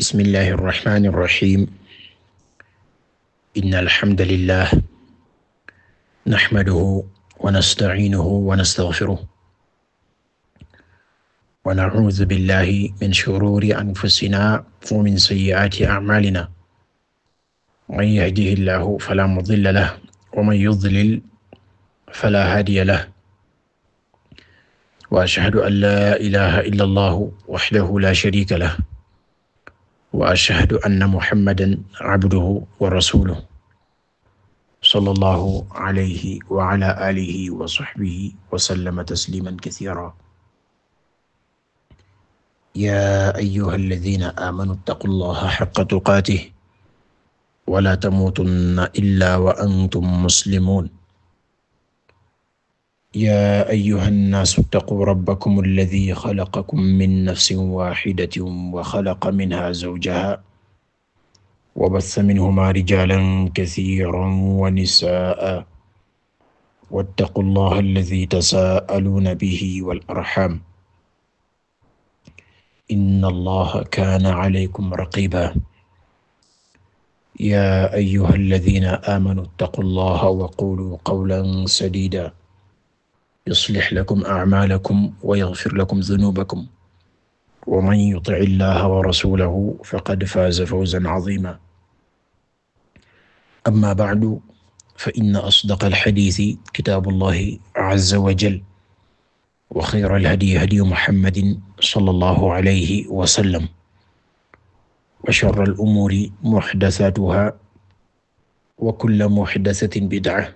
bismillahi irrahmani irrahim inna alhamdalillah naxmaduhu wa nastaciinuhu wa nastaxfiruh wa nacuudu billahi min shuruuri anfusina wa min sayyi'aati acmaalina man yahdihi llahu falaa mudilla lahu wa man yudlil falaa haadiya lahu wa ashhadu an laa ilaaha illa allahu waxdahu laa shariika lahu wa ashhadu anna muhammadan abduhu wa rasuluhu sallallahu alayhi wa ala alihi wa sahbihi wa sallama tasliman kathira ya ayyuha alladhina amanu ittaqullaha haqqa tuqatih wa la tamutunna illa wa antum muslimun yaa ayyuhan naasu ttaquu rabbakum alladii xalaqakum min nafsin waahidatin wa xalaqa minhaa zawjahaa wa bassa minhumaa rijaalan kasiiran wa nisaa'an wattaquu llaaha alladii tasaa'aluuna bihi wal arxaam inna llaaha kaana calaykum raqiibaa yaa ayyuhal laziina aamanuu ttaquu llaaha wa quuluu qawlan sadiidaa يصلح لكم أعمالكم ويغفر لكم ذنوبكم ومن يطع الله ورسوله فقد فاز فوزا عظيما أما بعد فإن أصدق الحديث كتاب الله عز وجل وخير الهدي هدي محمد صلى الله عليه وسلم وشر الأمور محدثاتها وكل محدثة بدعة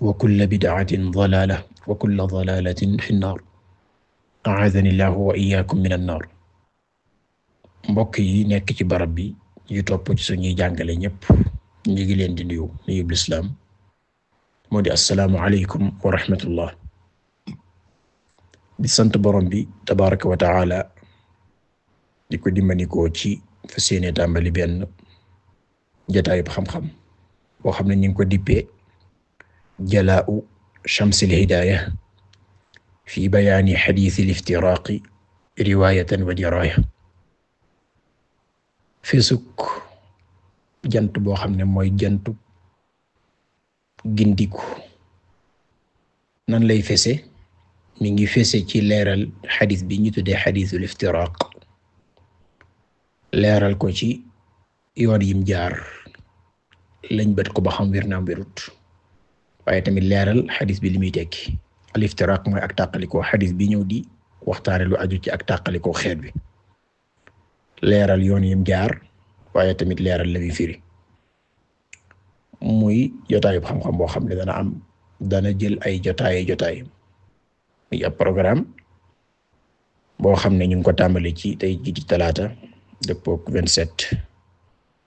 wa kulla bid'atin dalaala wa kulla dalaalatin fi nnaar a'aadani llaahu wa iyyaakum mina nnaar mbokk yi nekk ci barab bi ñu topp ci suñuy jàngale ñëpp ñu leen di nuyu nuyu bu islaam moo di assalaamu aleykum wa rahmatullah di sant borom bi tabaaraka wa ta'aala di ko dimbanikoo ci fa seene tàmbali benn jataayub xam-xam boo xam ne ñu ngi ko dippee jalaa'u shamsil hidaaya fi bayaani hadiisil iftiraaqi riwaayatan wa diraaya fesuk jant boo xam ne mooy jantu gindiku nan lay fese mi ngi fese ci leeral xadis bi ñu tuddee xadisul iftiraaq leeral ko ci yoon yim jaar lañ bët ko ba xam wér naam wérut waaye tamit leeral xadis bi li muy tekki al mooy ak tàqalikoo xadis bi ñëw di waxtaane lu aju ci ak tàqalikoo xeet bi leeral yoon yim jaar waaye tamit leeral la muy firi muy jotaayub xam-xam boo xam ne dana am dana jël ay jotaay jotaay muy ab programme boo xam ne ñu ngi ko tàmbali ci tey jii di talaata dëppook vingt set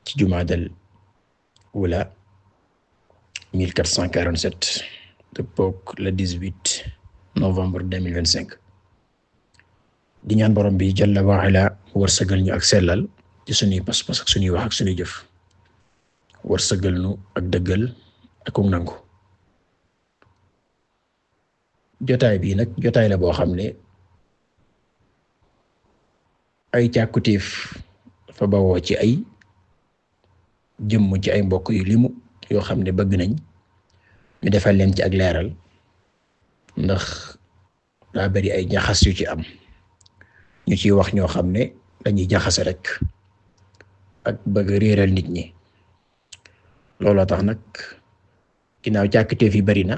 ci jumaadal wala cent 1447 dëppook le 18 novembre 2025 di ñaan borom bi jalla wa ala wërsëgal ñu ak sellal ci suñuy pas-pas ak suñuy wax ak suñuy jëf wërsëgal nu ak dëggal ak um nangu jotaay bii nag jotaay la boo xam ne ay càkkutéef fa bawoo ci ay jëmm ci ay mbokk yu limu yoo xam ne bëgg nañ ñu defal leen ci ak leeral ndax daa bari ay jaxas yu ci am ñu ci wax ñoo xam ne dañuy jaxase rek ak bëgg réeral nit ñi looloo tax nag ginnaaw càkkteef yi bari na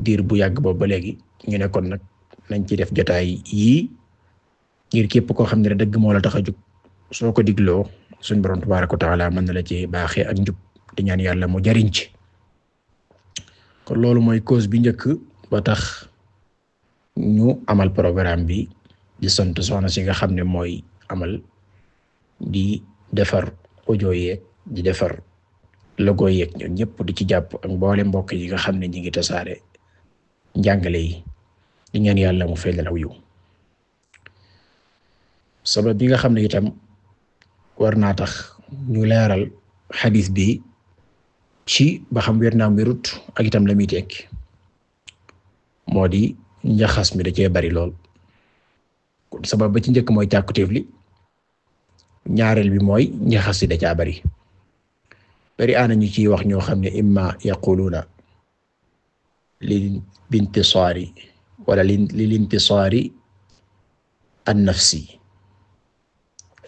diir bu yàgg boobu ba léegi ñu ne kon nag nañ ci def jotaay yii ngir képp koo xam ne dëgg moo la tax a jug soo ko digloo suñ borom tabaaraka wa taala mën na la ci baaxee ak njub di ñaan yàlla mu jariñ ci kon loolu mooy cause bi njëkk ba tax ñu amal programme bi di sant soxna si nga xam ne mooy amal di defar audio yeeg di defar logo yeeg ñoom ñëpp di ci jàpp ak mboole mbokk yi nga xam ne ñi ngi tasaare njàngale yi di ñaan yàlla mu feeñal aw yiw sabab bi nga xam ne itam war naa tax ñu leeral xadis bi ci ba xam wér naam wérut ak itam la muy moo di njaxas mi da cee bari lool kon sabab ba ci njëkk mooy càkkutéef li ñaareel bi mooy njaxas yi da caa bari bari aana ñu ciy wax ñoo xam ne imma yaquluna lil bintisaari wala lil intisaari an nafsi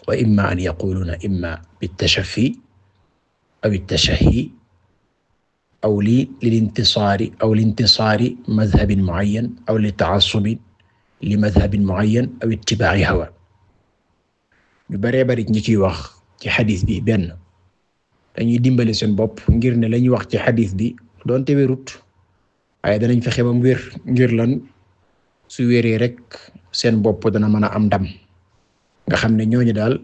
wa imma an yaquluna imma bit tashafi aw at tashahi aw li lilintisaari aw lintisaari madhabin muayyan aw li taasubin li madhabin muayyan aw ittibaai hawa ñu baree bari ñi ciy wax ci xadis bi benn dañuy dimbali seen bopp ngir ne lañuy wax ci xadis bi doonte wérut waaye danañ fexe ba mu wér ngir lan su wéree rek seen bopp dana mën a am ndam nga xam ne ñooñu daal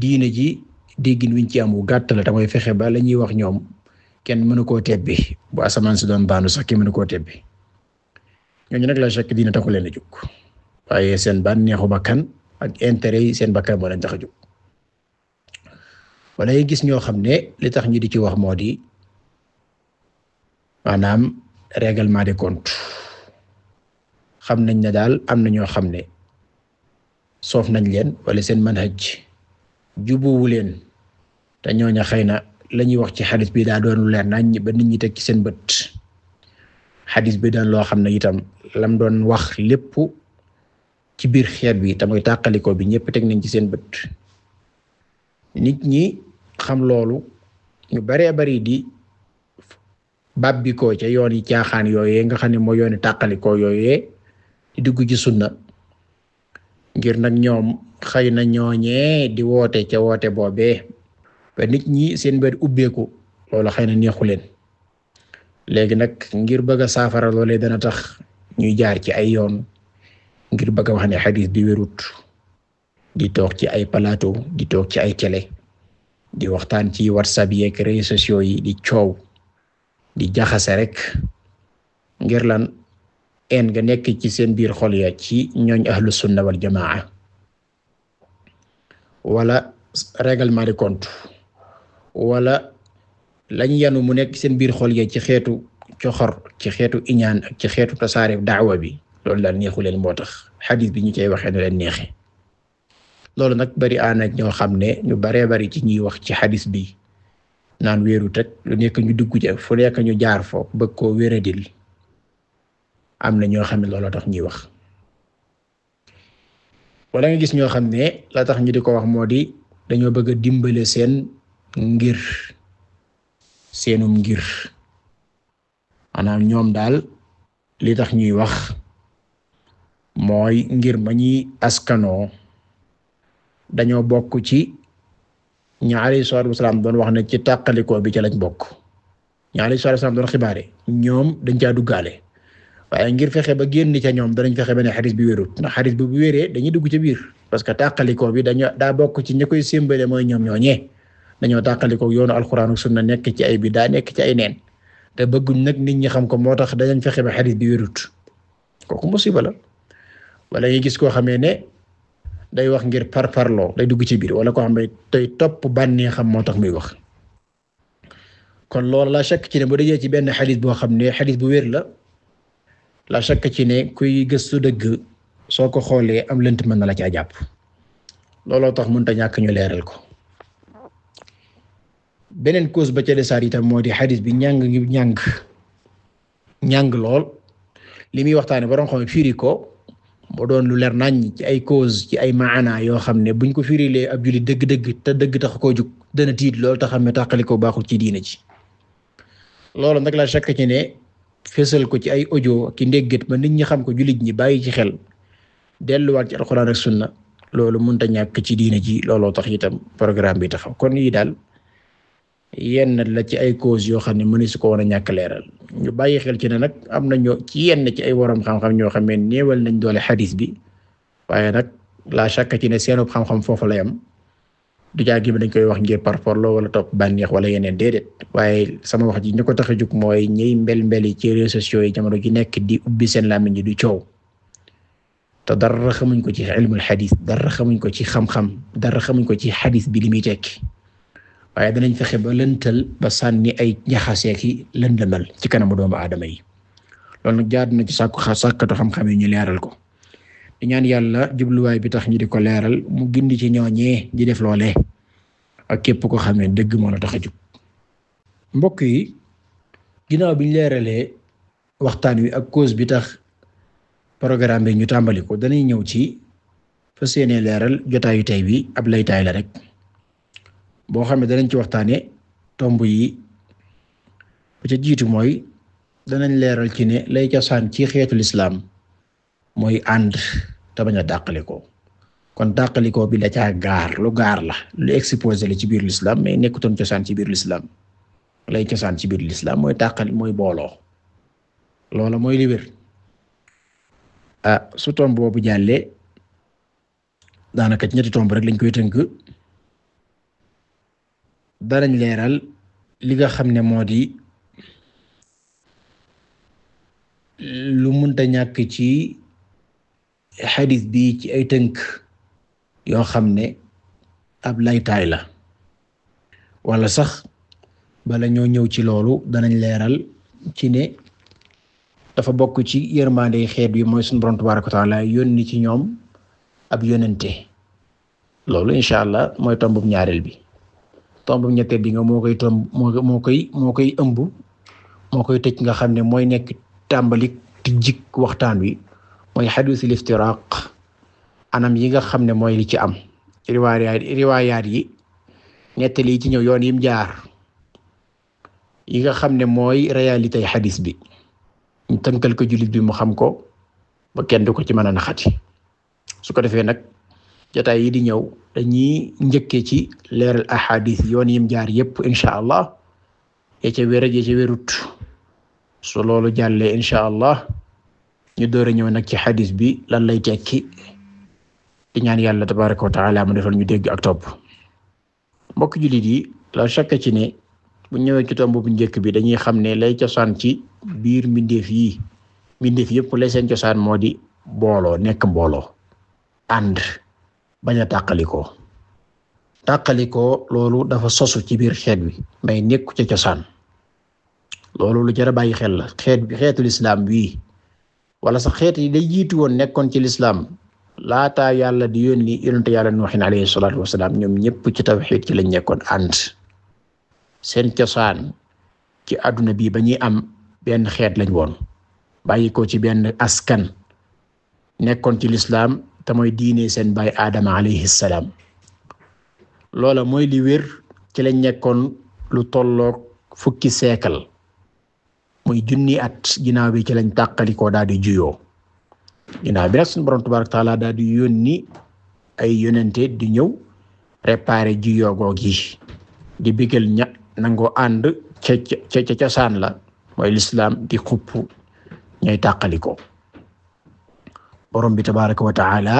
diine ji déggin wiñ ci am wu gàtt la damay fexe ba lañuy wax ñoom kenn mënu koo tebbi bu asamaan si doon baanu sax kenn mënu koo tebbi ñooñu nag la chaque dina taxu leen a jóg waaye seen bànneexu bakkan ak intérêt yi seen bakkan moo leen tax a jóg wala gis ñoo xam ne li tax ñu di ci wax moo di maanaam réglement des comptes xam nañ ne daal am na ñoo xam ne soof nañ leen wala seen manhaj jubuwu leen te ñooña xëy na la ñuy wax ci xadis bi daal doon lu leer nañ ba nit ñi teg ci seen bët xadis bi doon loo xam ne itam lam doon wax lépp ci biir xeet bi te mooy tàqalikoo bi ñëpp teg nañ ci seen bët nit ñi xam loolu ñu baree bari di bàbbikoo ca yoon yi caaxaan yooyee nga xam ne mooy yooni tàqalikoo yooyee di dugg ci ngir nag ñoom xëy na ñooñee di woote ca woote boobee ba nit ñi seen bët ubbeeku loolu xëy na neexu leen léegi nag ngir bëgg a saafara loolee dana tax ñuy jaar ci ay yoon ngir bëgg a wax ne xadis bi wérut di toog ci ay plateau di toog ci ay télé di waxtaan ci whatsapp yeeg réseaux sociaux yi di coow di jaxase rek ngir lan en nga nekk ci seen biir xol ya ci ñooñ ahlu sunna wal jamaa wala règlement de compte wala lañ yanu mu nekk seen biir xool ya ci xeetu coxor ci xeetu iñaan ci xeetu tasaare daawa bi loolu la neexu leen moo tax xadis bi ñu cay waxee nu leen neexee loolu nag bari aana ñoo xam ne ñu baree bari ci ñuy wax ci xadis bi naan wéeru teg lu nekk ñu dugg ci fu nekk ñu jaar fo bëgg koo wéradil am na ñoo xam ne looloo tax ñuy wax wala nga gis ñoo xam ne la tax ñu di ko wax moo di dañoo bëgg dimbale seen ngir seenum ngir maanaam ñoom daal li tax ñuy wax mooy ngir ma ñuy askanoo dañoo bokk ci ñi alayhi salaatu wasalaam doon wax ne ci tàqalikoo bi ci lañ bokk ñi alayhi salaatu wasalaam doon xibaare ñoom dañ caa duggaale waaye ngir fexe ba génn ca ñoom danañ fexe ba ne xadis bi wérut na xadis bi bu wéree dañuy dugg ci biir parce que tàqalikoo bi dañu daa bokk ci ñi koy sémbale mooy ñoom ñooñee dañoo tàqalikoo yoonu alxuraan ak na nekk ci ay daa nekk ci ay neen te bëgguñ nag nit ñi xam ko moo tax dañañ fexe ba xadis bi wérut kooku musiba la wala ngay gis koo xamee ne day wax ngir par parloo day dugg ci biir wala koo xam ne tey topp bànnee xam moo tax muy wax kon loolu la chakk ci ne bu dajee ci benn xadis boo xam ne xadis bu wér la la chakk ci ne kuy gëstu dëgg soo ko xoolee am lënt mën na la caa jàpp looloo tax mun ñàkk ñu leeral ko beneen cause ba ca desaat itam moo di xadis bi ñàng ngi ñàng ñàng lool li muy waxtaane borom xam firi ko moo doon lu leer nañ ci ay cause ci ay maana yoo xam ne buñ ko firilee ab juli dëgg-dëgg te dëgg tax koo jug dana tiit lool te xam ne tàqali ko baaxul ci diina ci loolu nag la chaque ne fésal ko ci ay audio ki ndéggat ba nit ñi xam ko jullit ñi bàyyi ci xel delluwaat ci alxuraan ak sunna loolu mënta ñàkk ci diina ji looloo tax itam programme bi taxaw kon yi daal yenn la ci ay cause yoo xam ne mënees ko war a ñàkk leeral ñu bàyyi xel ci ne nag am na ñoo ci yenn ci ay woroom xam-xam ñoo xam ne néewal nañ doole xadiis bi waaye nag la chaque ci ne seenub xam-xam foofu lay am du jaagi bi dañ koy wax ngir parparloo wala topp bànneex wala yeneen déedéet waaye sama wax ji ñu ko tax a jug mooy ñiy mbel mbel yi ci réseaux yi jamono ji nekk di ubbi seen làmmiñ ji du coow te dara xamuñ ko ci ilmul xadis xamuñ ko ci xam-xam dara xamuñ ko ci xadis bi li muy waaye danañ fexe ba lëntal ba sànni ay jaxaseeki lëndëmal ci kanamu doomu aadama yi loolu nag jaar na ci sàkku sàkkatu xam-xam yi ñu leeral ko di ñaan yàlla jubluwaay bi tax ñu di ko leeral mu gindi ci ñooñee di def loolee ak képp ko xam ne dëgg moo la tax a jub mbokk yi ginnaaw bi leeralee waxtaan wi ak cause bi tax programme bi ñu tàmbali ko dañuy ñëw ci fa seenee leeral jotaayu tey bi ab laytaay la rek boo xam ne danañ ci waxtaanee tomb yi ba ca jiitu mooy danañ leeral ci ne lay cosaan ci xeetu lislaam mooy ànd te bañ a dàqalikoo kon dàqalikoo bi da caa gaar lu gaar la lu exposé la ci biir lislaam mais nekkutoon cosaan ci biir lislaam lay cosaan ci biir lislaam mooy dàqal mooy booloo loola mooy li wér ah, su tomb boobu jàllee daanaka ci ñetti tomb rek lañ koy tënk danañ leeral li nga xam ne moo di lu munta ñàkk ci xadis bi ci ay tënk yoo xam ne ab laytaay la wala sax bala ñoo ñëw ci loolu danañ leeral ci ne dafa bokk ci yërmande xeet yi mooy suñu borom tabaaraka wa taala yónni ci ñoom ab yónente loolu incha allah mooy tombub ñaareel bi tombu ñetteel bi nga moo koy tam moo koy moo koy ëmb moo koy tëj nga xam ne mooy nekk tàmbalik tijjik waxtaan wi mooy xadiisul iftiraaq anam yi nga xam ne mooy li ci am riwaayaat yi ñetteel yi ci ñëw yoon yim jaar yi nga xam ne mooy réalité xadiis bi ñu tënkal ko jullit bi mu xam ko ba kenn du ko ci mën a naxati su ko defee nag jotaay yi di ñëw dañuy njëkkee ci leeral ahadith yoon yim jaar yépp incha allah ya ca wér ya ca wérut su loolu jàllee incha allah ñu door a ñëw nag ci xadis bi lan lay tekki di ñaan yàlla tabaraka wa taala mu defal ñu dégg ak topp mbokk jullit yi la shakka ci ne bu ñëwee ci tomb bu njëkk bi dañuy xam ne lay cosaan ci biir mbindeef yi mbindeef yépp lay seen cosaan moo di booloo nekk mbooloo ànd bañ a tàqalikoo tàqalikoo loolu dafa sosu ci biir xeet wi may nekku ca cosaan loolu lu jar a bàyyi xel la xeet bi xeetu lislaam wii wala sax xeet yi day jiitu woon nekkoon ci lislaam laataa yàlla di yoon yónni yonente yàlla nuuxin alayhi salaatu wasalaam ñoom ñëpp ci tawxiid ci lañ nekkoon ànd seen cosaan ci àdduna bi ba ñuy am benn xeet lañ woon bàyyi ko ci benn askan nekkoon ci lislaam te diine seen baay Adama alayhi salaam loola mooy li wér ci lañ nekkoon lu tollook fukki seekal muy junni at ginnaaw bi ci lañ tàqalikoo daal di juyoo ginnaaw bi nag suñu borom tabaaraka taala daal di yónni ay yonente di ñëw réparer juyoo goog di bigal ña nangoo ànd ca ca ca cosaan la mooy lislaam di xuppu ñooy tàqalikoo borom bi tabaraka wa taala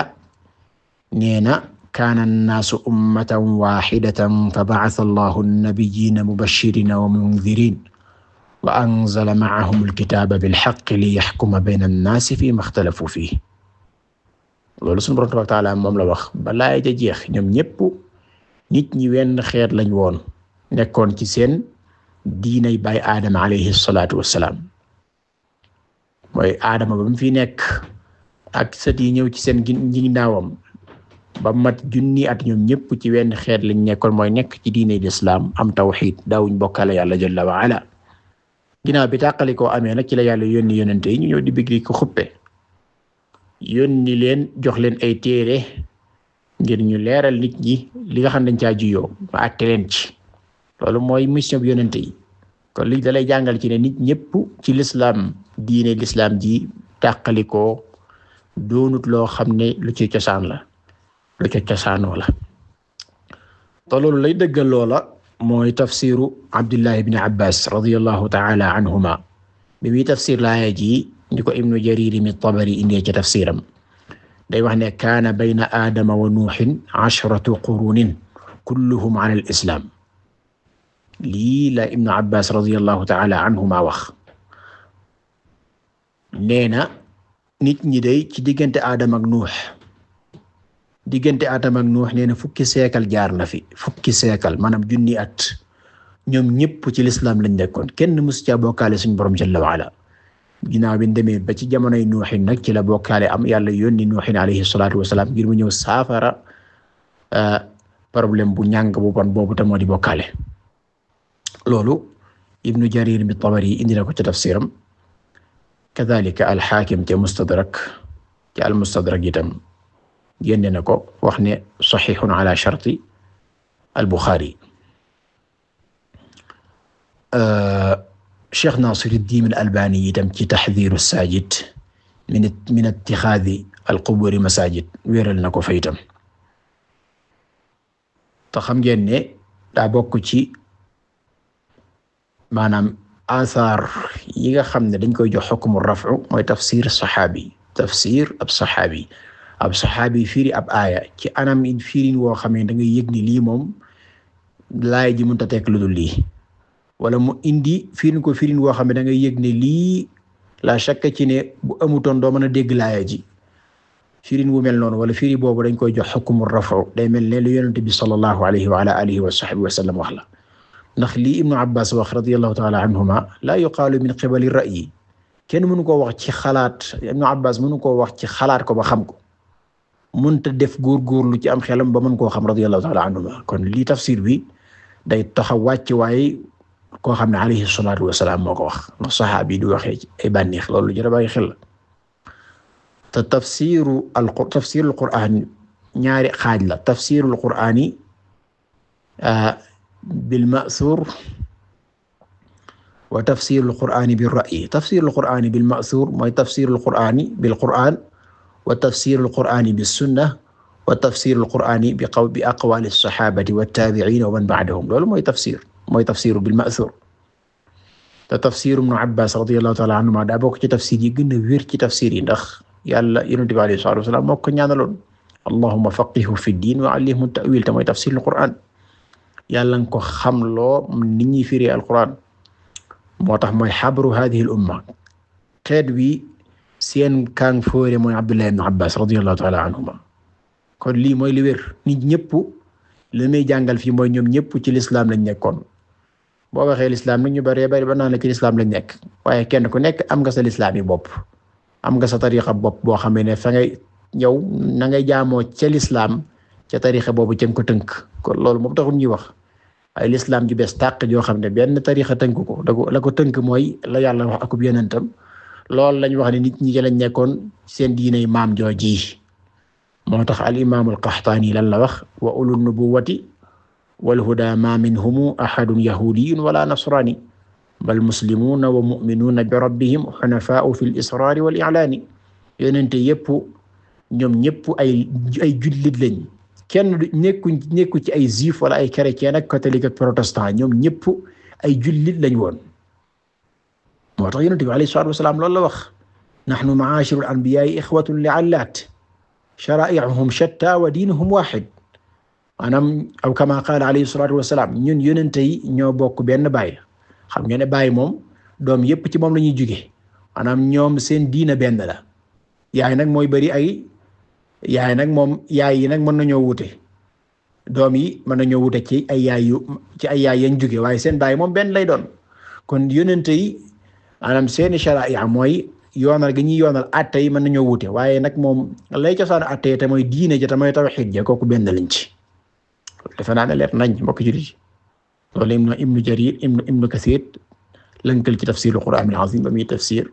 nee na kaana annaasu ummatan waxidatan fa bacasa allahu annabiyina mubashirina wa mundirin wa anzala macahum alkitaaba bilxaqi li yaxkuma bayna annaasi fi ma ixtalafu fiih loolu sunu borom tabaraka wa taala moom la wax balaay ja jeex ñoom ñépp nit ñi wenn xeet lañ woon nekkoon ci seen diinay baay aadama alayhi salaatu wassalaam mooy aadama ba mu fi nekk ak sët yi ñëw ci seen ginnaawam ba mat junni at ñoom ñëpp ci wenn xeet lañ nekkoon mooy nekk ci diine lislaam am tawxiid daawuñ bokkale yàlla jalla wa ala ginnaaw bi tàqali koo amee nag ci la yàlla yónni yonente yi ñu ñëw di bigri ko xuppe yónni leen jox leen ay téere ngir ñu leeral nit ñi li nga xam dañ caa juyoo ba àtte ci loolu mooy mission bi yonente yi kon li dalay jàngal ci ne nit ñëpp ci lislaam diine lislaam ji tàqalikoo doonut loo xam ne lu ci cosaan la lu ci cosaanoo la te loolu lay dëggal loola mooy tafsiru Abdullah ibn Abbas radiyallahu ta'ala anhuma bi muy tafsir laaya ji di ko ibnu Jarir mi Tabari indee ci tafsiram day wax ne kaana bayna aadama wa nuuhin ashratu qurunin ala al lii la ibnu Abbas radiyallahu ta'ala anhuma wax nee nit ñi day ci diggante Adam ak Nuux diggante Adam ak Nuux nee na fukki seekal jaar na fi fukki seekal maanaam junni at ñoom ñëpp ci lislaam lañ nekkoon kenn musu caa bokkaale suñ borom jalla wa ala ginnaaw bi demee ba ci jamonoy nuuxin nag ci la bokkaale am yàlla yónni nuuxin alayhi salaatu wasalaam ngir mu ñëw saafara euh, problème bu ñàng bu bon boobu te moo di bokkaale loolu ibnu jarir bi tabari indi na ko ci tafsiram kadhalika alxaakim ca mustadrak ca almustadrak itam génne na ko wax ne saxiixun ala sharti albuxaari Cheikh Nasiruddin al-Albani itam ci taxdiiru saajid min min ittixaadi alquburi masaajid wéeral na ko fa itam te xam ngeen ci maanaam athar yi nga xam ne dañ koy jox xukmu rafu mooy tafsir saxaabi tafsir ab saxaabi ab saxaabi firi ab aya ci anam yi firin woo xam ne da ngay ni lii moom laay ji mënut a tekk lu dul wala mu indi firin ko firin woo xam ne da ngay yëg ne lii la shakka ci ne bu amutoon doo mën a dégg laaya ji firin wu mel noonu wala firi boobu dañ koy jox xukmu rafu day mel ne lu yonent bi sallallahu alayhi wa ala alihi wa sahbihi wa wax la ndax lii Ibnu Abbas wax radiyallahu taala anhuma laa yuqaalu min qibali ra'yi kenn mënu koo wax ci xalaat Ibnu Abbas mënu koo wax ci xalaat ko ba xam ko ta def lu ci am xelam ba mën koo xam radiyallahu taala anhuma kon lii tafsir bi day tax a wàcc waaye koo xam ne alayhi salaatu wasalaam moo ko wax ndax saxaabi yi di waxee ci ay bànneex lu jar a bàyyi xel la te tafsiru al tafsirul qur'aan ñaari xaaj la tafsirul qur'aani ah, bilma'suur wa tafsiirul qur'aani birra'yi tafsiirul qur'aani bilma'suur mooy tafsiirul qur'aani bilqur'aan wa tafsiirul qur'aani bissunna wa tafsiirul qur'aani bi qaw bi aqwaali saxaabati wattaabi'iina wa man ba'dahum loolu mooy tafsir mooy tafsiru bilma'suur te tafsiru ibnu Abbaas radiyallaahu ta'aalaa anhumaa daa bokk ci tafsir yi gën a wér ci tafsir yi ndax yàlla Yonent bi alayhi salaatu wa salaam moo ko ñaanaloon allahumma faqqihhu fi ddiin wa 'allimhu ta'wiil te mooy tafsirul qur'aan yàlla nga ko xam loo nit ñi firi alquran moo tax mooy xabru hadihi al umma xeet wi seen kàng fóore mooy abdullah ibn abbas radiallahu taala anhuma kon lii mooy li wér nit ñëpp li muy jàngal fii mooy ñoom ñëpp ci lislaam lañ nekkoon boo waxee lislaam nag ñu bëree bëri ba naan la ci lislaam nekk waaye kenn ku nekk am nga sa lislaam yi bopp am nga sa tariqa bopp boo xamee ne fa ngay yow na ngay jaamoo ca lislaam ca tarixe boobu cam ko tënk kon loolu moom taxul ñuy wax ay lislaam ju bees tàq joo xam ne benn tarixa tënk ko da ko la ko tënk mooy la yàlla wax akub yonentam loolu lañ wax ne nit ñi lañ nekkoon seen diiney maam jooji moo tax al imaam al qaxtaani lan la wax wa ulul nubuwati wal huda ma minhum ahadun yahudiyun wala nasrani bal muslimuuna wa muminuuna bi rabbihim xunafaau fi l israari wal ilaani yonente yépp ñoom ñépp ay ay jullit lañ kenn du nekkuñ nekku ci ay juif wala ay chrétien ak catholique ak protestant ñoom ñëpp ay jullit lañ woon moo tax yonent bi alayhi la wax nahnu ma'ashiru al-anbiya'i ikhwatun li'allaat shara'i'uhum shatta wa diinuhum waahid maanaam aw kama qaala alayhi salaatu wasalaam ñun yonent ñoo bokk benn baay xam ñoo ne baay moom doom yëpp ci moom lañuy ñuy jóge maanaam ñoom seen diina benn la yaay nag mooy bari ay yaay nag moom yaay yi nag mën nañoo wute doom yi mën nañoo wute ci a yaay yu ci ay yaay yañ jóge waaye seen baay moom benn lay doon kon yonente yi maanaam seeni sharia mooy yoonal gi ñuy yoonal atte yi mën nañoo wute waaye nag moom lay cosaan atte mooy diine ja te mooy tawxiid ja kooku benn lañ ci defe naa ne leer nañ mbokk jullit yi loolu im na ibnu jarir ibnu ibnu kasir lënkal ci tafsirul qur'aanil aziim ba muy tafsir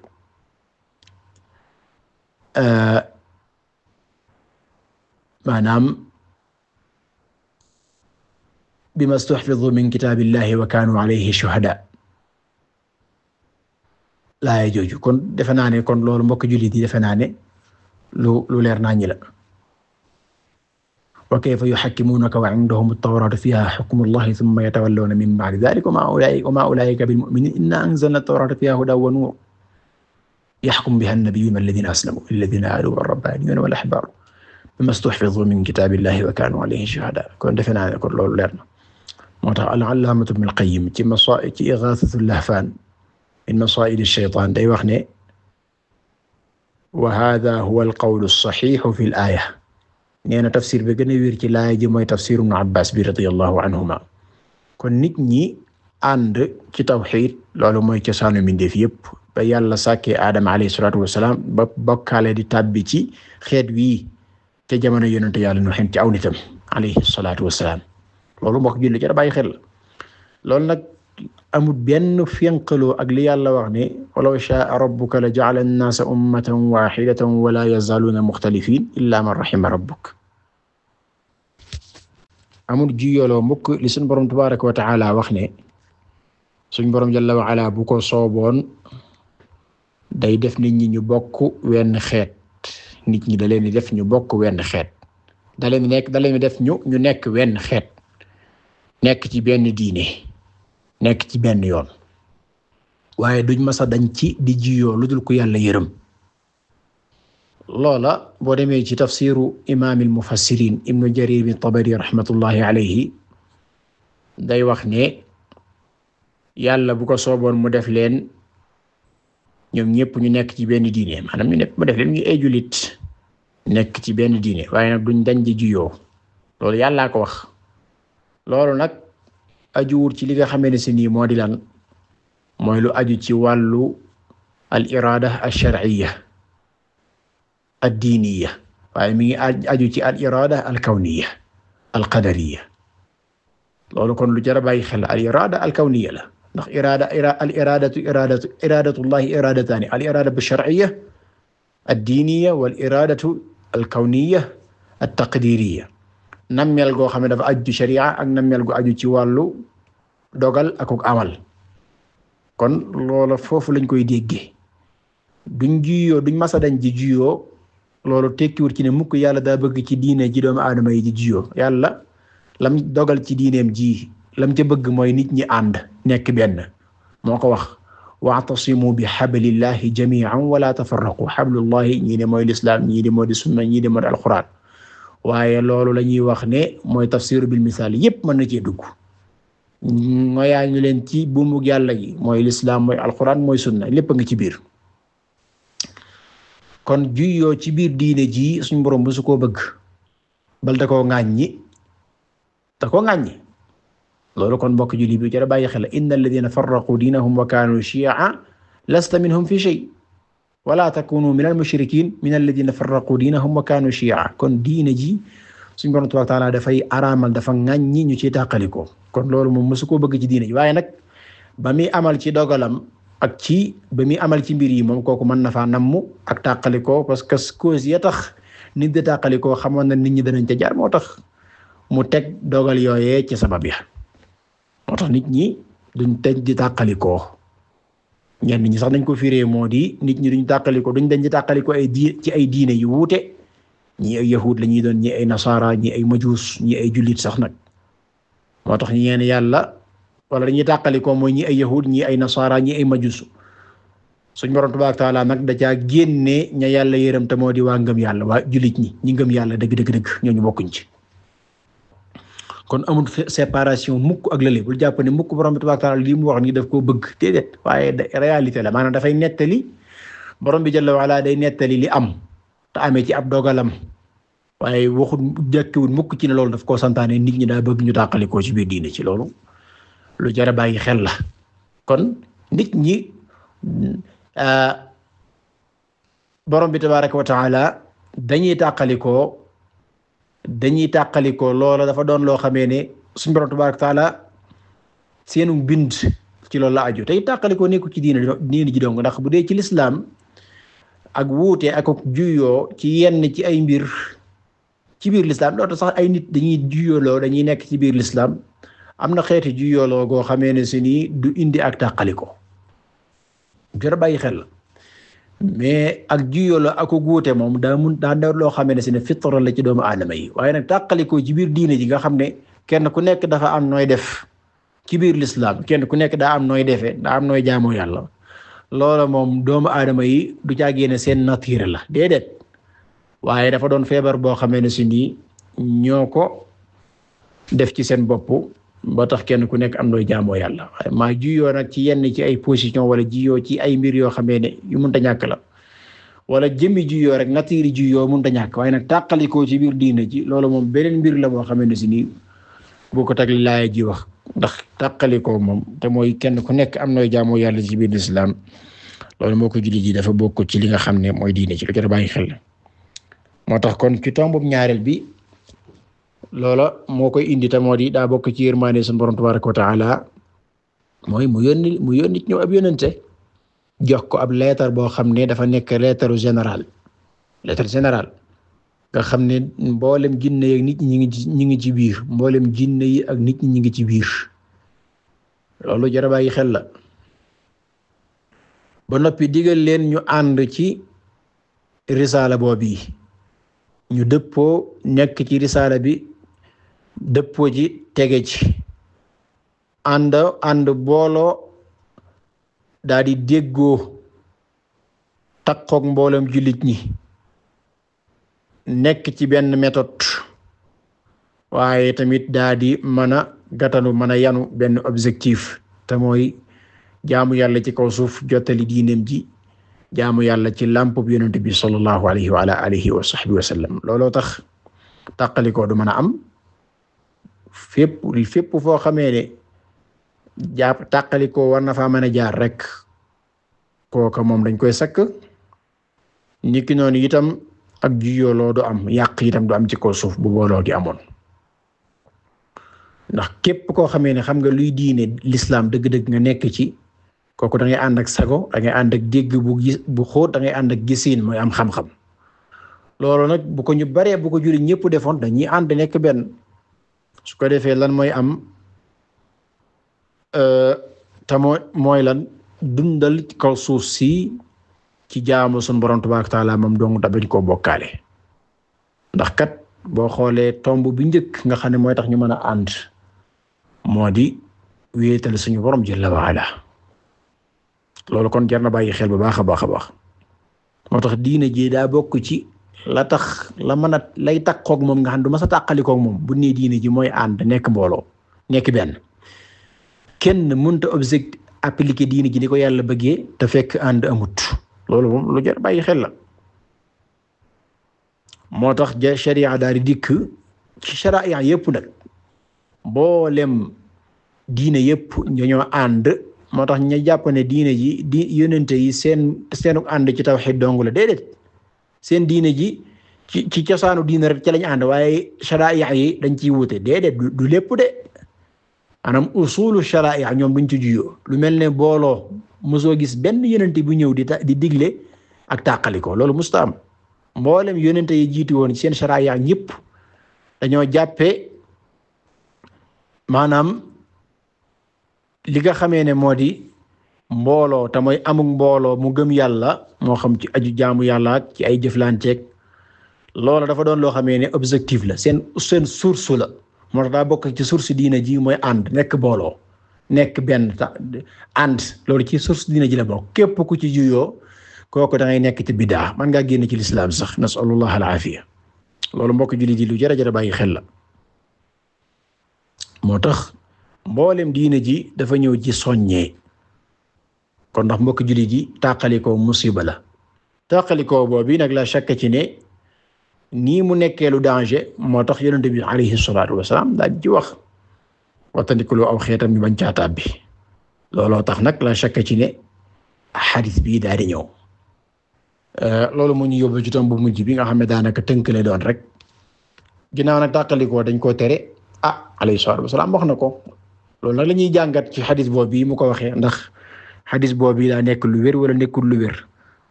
maanaam bima stuxfidu min kitaabillahi wa kaanu alayhi shuhada laaya jooju kon defe naa ne kon loolu mbokk jullit yi defe naa ne lu lu leer naa ñi la wa kayfa yuxakkimuunaka wa indahum at-tawraatu fiihaa xukmu llahi summa yatawallawna min ba'di daalika wa maa ulaa'ika bil-mu'miniin innaa anzalnaa at-tawraata fiihaa hudan wa nuur yaxkumu bihaa an-nabiyyuuna allaziina aslamuu lillaziina haaduu war-rabbaaniyyuuna wal-ahbaaru bima stuhfizu min kitaabillahi wa kaanu alayhi shuhadaa kon defe naa ne kon loolu leer na moo tax al-allaamatu ibnul qayyim ci masa ci ighaasatul lahfaan min masaa'idi shaytaan day wax ne wa haadaa huwal qawlu saxiixu fil aaya nee na tafsir bi gën a wér ci laaya ji mooy tafsiru ibnu Abbaas bi radiyallahu anhuma kon nit ñi ànd ci tawxiid loolu mooy cosaanu mbindeef yépp ba yàlla sàkkee Aadama alayhi salaatu wa salaam ba bokkaale di tàbbi ci xeet wi ca jamono yonente yàlla nu xen ci aw nitam alayhi salaatu wasalaam loolu mbokk julli ci da bàyyi xel loolu nag amut benn fénqaloo ak li yàlla wax ne walaw shaa rabbuka la ja'ala an-naasa ummatan waahidatan mukk li suñ borom tabaaraka wax ne suñ borom jalla wa ala bu ko day def ñi ñu bokk wenn xeet nit ñi da leen def ñu bokk wenn xeet da leen nekk da def ñu ñu nekk wenn xeet nekk ci benn diine nekk ci benn yoon waaye duñ masa dañ ci di jiyoo lu dul ku yàlla yërëm loola boo demee ci tafsiru imaamil mufassirin ibnu jarir at-tabari rahmatullahi alayhi day wax ne yàlla bu ko sooboon mu def leen ñoom ñëpp ñu nekk ci benn diine maanaam ñu nekk mu def leen ñu ay jullit nekk ci benn diine waaye nag duñ dañ di juyoo loolu yàllaa ko wax loolu nag ajuwur ci li nga xamee ne si nii moo di lan mooy lu aju ci wàllu al irada al shar'iyya ad diiniya waaye mi ngi aju ci al irada al kawniya al qadariya loolu kon lu jar a bàyyi xel al irada al kawniya la ndax iraada al iraadatu iraadatu iraadatullahi iraadataani al iraadatu sharciya ad diiniya wal iraadatu al kawniya at taqdiriya nammeel goo xam ne dafa aju ci sharia ak nammeel gu aju ci wàllu dogal akuk amal kon loola foofu lañ koy déggee duñ jiyoo duñ masa dañ ji juyoo loolu tekkiwul ci ne mukk yàlla daa bëgg ci diine ji doomu aadama yi ji juyoo yàlla lam dogal ci diineem ji lam ci bëgg mooy nit ñi ànd nekk benn moo ko wax wa'tasimu bi hablillahi jami'an wala tafarraqu hablullahi ñii ne mooy lislaam ñii de moo di sunna ñii de moo waaye loolu la ñuy wax ne mooy tafsiru bil misaal yépp mën na cee dugg mooyaa ñu leen ci buumu yàlla gi mooy lislaam mooy alquran mooy sunna lépp nga ci biir kon juyoo ci biir diine ji suñ borom bu su koo bëgg bal da koo ŋàññi da koo ŋàññi loolu kon mbokk julli bi jara bàyyi xel inna alladina farraqu diinahum wa kaanu shi'a lasta minhum fi shay wala takunu min almushrikin min alladina farraqu diinahum wa kaanu shi'a kon diine ji suñ borom tabaaraka taala dafay araamal dafa ŋàññi ñu ci tàqaliko kon loolu moom mosu koo bëgg ci diine ji waaye nag ba muy amal ci dogalam ak ci ba muy amal ci mbir yi moom ko mën na faa namm ak tàqalikoo parce que cause ya tax nit di tàqalikoo xamoon na nit ñi danañ ca jaar moo tax mu teg dogal yooyee ci sabab ya moo tax nit ñi duñ dañ di tàqalikoo ñenn ñi sax dañ ko firee moo di nit ñi duñ tàqalikoo duñ dañ di tàqalikoo ay di ci ay diine yu wuute ñi ay yahud la ñuy doon ñi ay nasaara ñi ay majuus ñi ay jullit sax nag moo tax ñeen yàlla wala dañuy tàqalikoo mooy ñi ay yahud ñi ay nasaara ñi ay majuus suñ borom tabaaraka taala nag da caa génne ña yàlla yërëm te di waa ngëm yàlla waa jullit ñi ñi ngëm yàlla dëgg dëgg ñooñu bokkuñ ci kon amul séparation mukk ak lële jàpp ne mukk borom bi tabaaraka taala lii mu wax ni daf ko bëgg déedéet waaye réalité la maanaam dafay nettali borom bi jalla wala day nettali li am te amee ci ab dogalam waaye waxut jàkkiwul mukk ci ne loolu daf koo santaane nit ñi daa bëgg ñu tàqalikoo ci biir diine ci loolu lu jar a bàyyi xel la kon nit ñi euh, borom bi tabaaraka wa taala dañuy tàqalikoo dañuy tàqalikoo loola dafa doon loo xamee ne su suñ borom tabaaraka taala seenu mbind ci loolu la aju tey tàqalikoo nekku ci diine diine ji dong ndax bu dee ci lislaam ak wuute ak ak juyoo ci yenn ci ay mbir ci biir lislaam loolu sax ay nit dañuy juyooloo dañuy nekk ci biir lislaam am na xeeti juyooloo goo xamee ne si nii du indi ak tàqaliko jër bàyyi xel la mais ak juyoo la ak guute moom daa mun daa da loo xamee ne si ne fitra la ci doomu aadama yi waaye nag tàqalikoo ci biir diine ji nga xam ne kenn ku nekk dafa am nooy def ci biir lislaam kenn ku nekk daa am nooy defee daa am nooy jaamoo yàlla loola moom doomu aadama yi du caagee ne seen nature la déedéet waaye dafa doon feebar boo xamee ne si nii ñoo ko def ci seen boppu ba tax kenn ku nekk am nooy jaamoo yàlla maa jiyoo nag ci yenn ci ay position wala jiyoo ci ay mbir yoo xamee ne yu mënta ñàkk la wala jëmmi jiyoo rek natiiri jiyoo mënta ñàkk waaye nag tàqalikoo ci biir diina ji loolu moom beneen mbir la boo xamee ne si nii boo ko tag laaya ji wax ndax tàqalikoo moom te mooy kenn ku nekk am nooy jaamoo yàlla ci biir lislaam loolu moo ko julli ji dafa bokk ci li nga xam ne mooy diine ci lu jot a bàyyi xel moo tax kon ci tombub ñaareel bi loola moo koy indi te moo di daa bokk ci su suñu borom tabaraka wa taala mooy mu yónni mu yónni ci ab yónnante jox ko ab leetar boo xam ne dafa nekk leetaru général général nga xam ne mboolem jinne yi nit ñi ñu ngi ci ñu ngi ci biir mboolem jinne yi ak nit ñi ñu ngi ci biir loolu jar a bàyyi xel la ba noppi digal leen ñu ànd ci risaala boobu yi ñu dëppoo nekk ci risaala bi dëppoo ji tege ci ànd ànd booloo daa di déggoo takkook mbooloom ñi nekk ci benn metot waaye tamit daa di mën a gàttanu mën a yanu benn objectif te mooy jaamu yàlla ci kaw suuf jottali diineem ji jaamu yàlla ci làmp bu yonent bi sallallahu alayhi wa ala alihi looloo tax tàqalikoo du mën a am fépp fépp foo xamee ne jàpp tàqali ko war na mën jaar rek kooka moom dañ koy sakk niki noonu itam ak juyooloo du am yàq yitam du am ci kaw suuf bu booloo gi amoon ndax képp koo xamee ne xam nga luy diine l'islam dëgg-dëgg nga nekk ci kooku da ngay ànd ak sago da ngay ànd ak dégg bu gis bu gisiin mooy am xam-xam loolu nag bu ko ñu baree bu ko juri ñëpp defoon dañuy nekk benn su ko defee lan mooy am euh, te mooy mooy lan dundal kaw suuf si ci jaamu sunu borom tabaaraka taala moom dong da bañ koo bokkaale ndax kat boo xoolee tomb bi njëkk nga xam ne mooy tax ñu mën a ànd moo di wéetal suñu borom jalla waala loolu kon jar na bàyyi xel bu baax a baax a baax moo tax diine ji daa ci la tax la mën a lay takkoog moom nga xam du ma sa tàqalikoog moom bu nee diine ji mooy ànd nekk mbooloo nekk benn kenn mënta object appliquer diine ji ni ko yàlla bëggee te fekk ànd amut loolu moom lu jar bàyyi xel la moo tax ja daal di dikk ci sharia yëpp nag diine yëpp ñoo ànd moo tax ña jàpp ne diine ji di yonente yi seen seenu ànd ci tawhid dong la déedéet seen diine ji ci ci cosaanu diine rek ci lañ ànd waaye sharaa'ix yi dañ ciy wute déedéet du lépp de maanaam usulu sharaa'ix ñoom duñ ci juyoo lu mel ne booloo mosoo gis benn yonente bu ñëw di di digle ak tàqaliko loolu musta am mboolem yonente yi jiitu woon seen sharaa'ix ñëpp dañoo jàppee maanaam li nga xamee ne moo di mbooloo te mooy amuk mbooloo mu gëm yàlla moo xam ci aju jaamu yàlla ci ay jëflanteeg loola dafa doon loo xamee ne objectif la seen seen source la moo tax daa bokk ci source diina ji mooy ànd nekk mbooloo nekk benn ta loolu ci source diina ji la képp ku ci juyoo kooku da ngay nekk ci biddaa man ngaa génn ci lislaam sax nasalullah alaafiya loolu mbokk jullit yi lu jar a jar a bàyyi la moo tax mboolem diina ji dafa ñëw ci soññee kon ndax mbokk jullit yi tàqalikoo musiba la tàqalikoo boobu nag la shakk ci ne nii mu nekkeelu lu danger moo tax yonent bi alayhi salaatu wasalaam daal ci wax watandikuloo aw xeetam ñu bañ caataab bi looloo tax nag la shakk ci ne xadis bii daal di ñëw euh, loolu mu ñu yóbbu ci tomb bu mujj bi nga xam ne daanaka tënk la doon rek ginnaaw nag tàqalikoo dañ koo tere a ah, alayhi salaatu wasalaam wax na ko loolu nag la ñuy jàngat ci xadis boobu yi mu ko waxee ndax xadis boobu daa nekk lu wér wala nekkul lu wér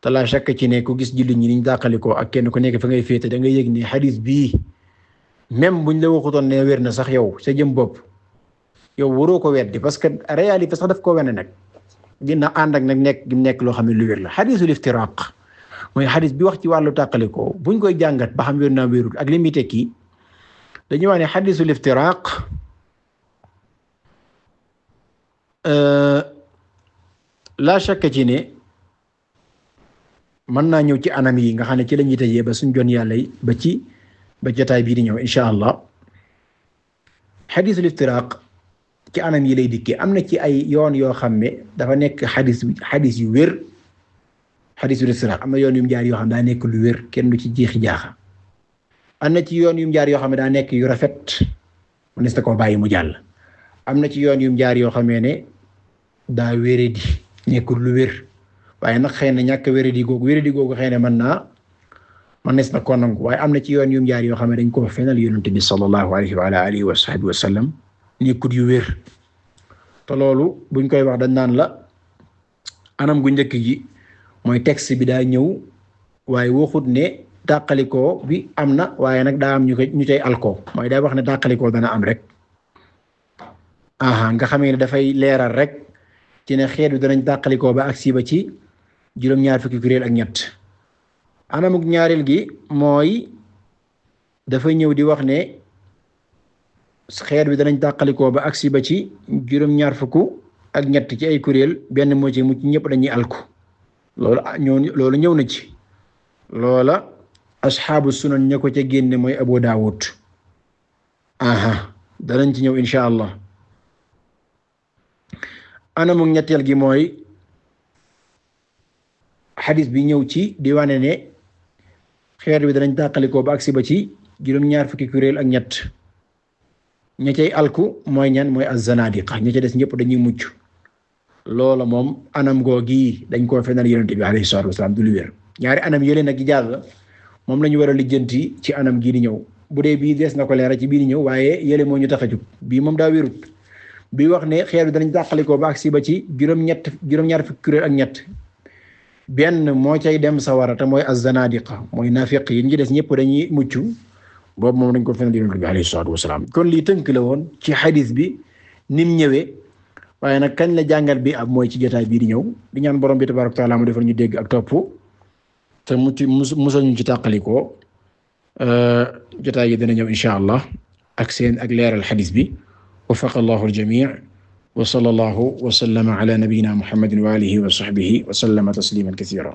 te laa shakk ci ne ku gis jullit ñi niñ dàqalikoo ak kenn ku nekk fa ngay féete da ngay yëg ne xadis bii même buñ la waxutoon ne wér na sax yow sa jëm bopp yow waroo ko weddi parce que réalité sax def ko wane nag dina ànd ak nag nekk gi nekk loo xam ne lu wér la xadisul iftiraq mooy xadis bi wax ci wàllu tàqalikoo buñ koy jàngat ba xam wér na wérul ak li muy tekki dañuy wax ne xadisul iftiraq euh, la shakka ci ne mën naa ñëw ci anam yi nga xam ne ci lañuy ñuy tëjee ba suñ jon yàlla yi ba ci ba jotaay bii di ñëw insha allah xadisul iftiraaq ci anam yi lay dikkee am na ci ay yoon yoo xam ne dafa nekk xadis xadis yu wér xadisul iftiraaq am na yoon yu mu yoo xam ne daa nekk lu wér kenn du ci jeexi jaaxa am na ci yoon yu mu jaar yoo xam ne daa nekk yu rafet mu nes ta koo bàyyi mu jàll am na ci yoon yu mu jaar yoo xam ne daa wéré nekkul lu wér waaye nag xëy na ñàkk wéradi googu wéradi googu xëy na naa man nees na ko nangu waaye am na ci yoon yu mu yoo xam ne dañ ko fenal yonent lu sallallahu alayhi wa alihi wa sahbihi wa sallam nekkul yu wér te loolu buñ koy wax dañ naan la anam gu njëkk gi mooy texte bi daa ñëw waaye waxut ne dàqalikoo bi am na waaye nag daa am ñu koy ñu alko mooy daa wax ne dàqalikoo dana am rek aha nga xamee ne dafay leeral rek ci ne xeet wi danañ tàqalikoo ba agsi ba ci juróom-ñaar fukki kuréel ak ñett anamuk ñaareel gi mooy dafay ñëw di wax ne xeet bi danañ tàqalikoo ba agsi ba ci juróom-ñaar fukk ak ñett ci ay kuréel benn moo ci mucc ñëpp dañuy alku loolu ñëw loolu ñëw na ci loola asxaabu sunan ña ko ca génne mooy Abu Daawud aha danañ ci ñëw incha allah anamu ñetteel gi mooy xadis bi ñëw ci di wane ne xeer bi danañ tàqalikoo ba agsi ba ci juróom-ñaar fukki kuréel ak ñett ña cay alku mooy ñan mooy az-zanadiqa ña ca des ñëpp dañuy mucc loola moom anam googi dañ koo fenal yonente bi alayhi salatu wasalaam du lu wér ñaari anam yële nag jàll moom la war a lijjanti ci anam gii di ñëw bu dee bii des na ko leera ci bii di ñëw waaye yële moo ñu tax a jub moom daa wérut bi wax ne xeer bi danañ tàqalikoo ba agsi ba ci juróom-ñett juróom-ñaar fukki ak ñett benn moo cay dem sawara te mooy az-zanadiqa mooy nafiq yi ñu des ñëpp dañuy mucc boobu moom dañ ko fenal yonent bi alayhi salaatu wasalaam kon lii tënk woon ci xadis bi nim ñëwee waaye nag kañ la jàngal bi ab mooy ci jotaay bii di ñëw di ñaan borom bi tabaaraka taala mu defal ñu dégg ak topp te mucc musal ñu ci tàqalikoo euh, jotaay yi dina ñëw incha allah ak seen ak leeral xadis bi wafaqa allahu aljamii wa sallallahu wa sallama ala nabiyyina muhammadin wa alihi wa sahbihi wa sallama tasliman kathira